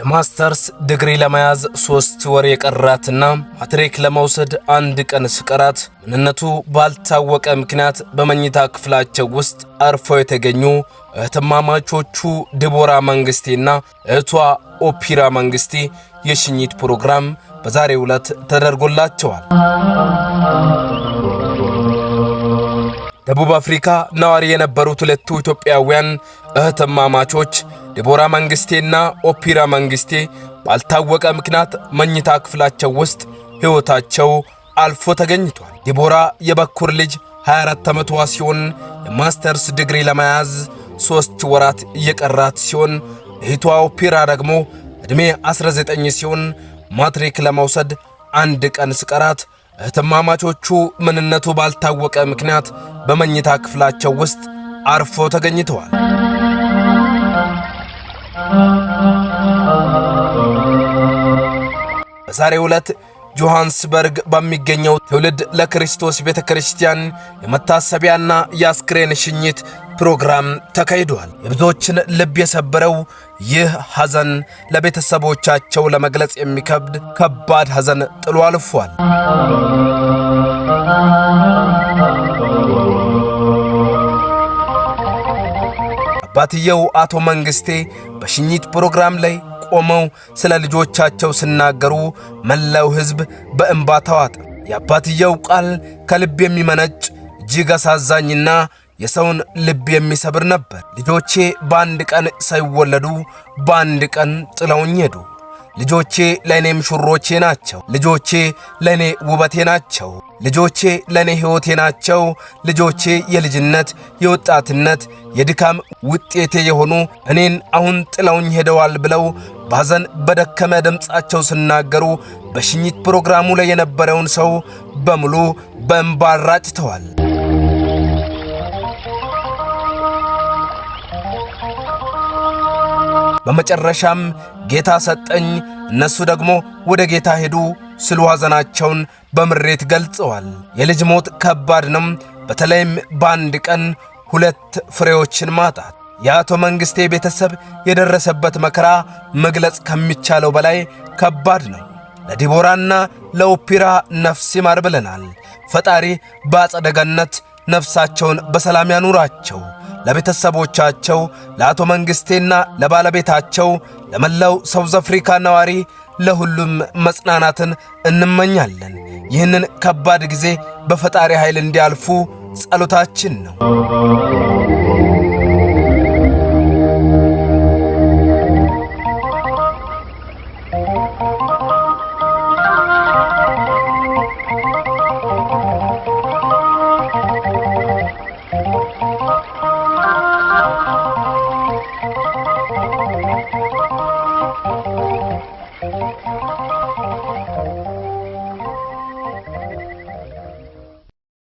የማስተርስ ዲግሪ ለመያዝ ሶስት ወር የቀራትና ማትሪክ ለመውሰድ አንድ ቀን ስቀራት ምንነቱ ባልታወቀ ምክንያት በመኝታ ክፍላቸው ውስጥ አርፈው የተገኙ እህትማማቾቹ ድቦራ መንግስቴና እህቷ ኦፒራ መንግስቴ የሽኝት ፕሮግራም በዛሬው ዕለት ተደርጎላቸዋል። ደቡብ አፍሪካ ነዋሪ የነበሩት ሁለቱ ኢትዮጵያውያን እህትማማቾች ዲቦራ መንግስቴና ኦፒራ መንግስቴ ባልታወቀ ምክንያት መኝታ ክፍላቸው ውስጥ ሕይወታቸው አልፎ ተገኝቷል። ዲቦራ የበኩር ልጅ 24 ዓመቷ ሲሆን የማስተርስ ዲግሪ ለመያዝ ሦስት ወራት እየቀራት ሲሆን እህቷ ኦፒራ ደግሞ ዕድሜ 19 ሲሆን ማትሪክ ለመውሰድ አንድ ቀን ስቀራት እህትማማቾቹ ምንነቱ ባልታወቀ ምክንያት በመኝታ ክፍላቸው ውስጥ አርፎ ተገኝተዋል። በዛሬው ዕለት ጆሃንስበርግ በሚገኘው ትውልድ ለክርስቶስ ቤተ ክርስቲያን የመታሰቢያና የአስክሬን ሽኝት ፕሮግራም ተካሂዷል። የብዙዎችን ልብ የሰበረው ይህ ሐዘን ለቤተሰቦቻቸው ለመግለጽ የሚከብድ ከባድ ሐዘን ጥሎ አልፏል። አባትየው አቶ መንግሥቴ በሽኝት ፕሮግራም ላይ ቆመው ስለ ልጆቻቸው ሲናገሩ መላው ሕዝብ በእንባ ተዋጠ። የአባትየው ቃል ከልብ የሚመነጭ እጅግ አሳዛኝና የሰውን ልብ የሚሰብር ነበር። ልጆቼ በአንድ ቀን ሳይወለዱ በአንድ ቀን ጥለውኝ ሄዱ። ልጆቼ ለእኔ ሙሽሮቼ ናቸው። ልጆቼ ለእኔ ውበቴ ናቸው። ልጆቼ ለእኔ ሕይወቴ ናቸው። ልጆቼ የልጅነት የወጣትነት፣ የድካም ውጤቴ የሆኑ እኔን አሁን ጥለውኝ ሄደዋል ብለው ባዘን በደከመ ድምፃቸው ሲናገሩ በሽኝት ፕሮግራሙ ላይ የነበረውን ሰው በሙሉ በእንባ አራጭተዋል። በመጨረሻም ጌታ ሰጠኝ፣ እነሱ ደግሞ ወደ ጌታ ሄዱ ስሉ ሐዘናቸውን በምሬት ገልጸዋል። የልጅ ሞት ከባድ ነው፣ በተለይም በአንድ ቀን ሁለት ፍሬዎችን ማጣት የአቶ መንግሥቴ ቤተሰብ የደረሰበት መከራ መግለጽ ከሚቻለው በላይ ከባድ ነው። ለዲቦራና ለኦፒራ ነፍስ ይማር ብለናል። ፈጣሪ በአጸደ ገነት ነፍሳቸውን በሰላም ያኑራቸው። ለቤተሰቦቻቸው፣ ለአቶ መንግሥቴና ለባለቤታቸው፣ ለመላው ሳውዝ አፍሪካ ነዋሪ ለሁሉም መጽናናትን እንመኛለን። ይህንን ከባድ ጊዜ በፈጣሪ ኃይል እንዲያልፉ ጸሎታችን ነው።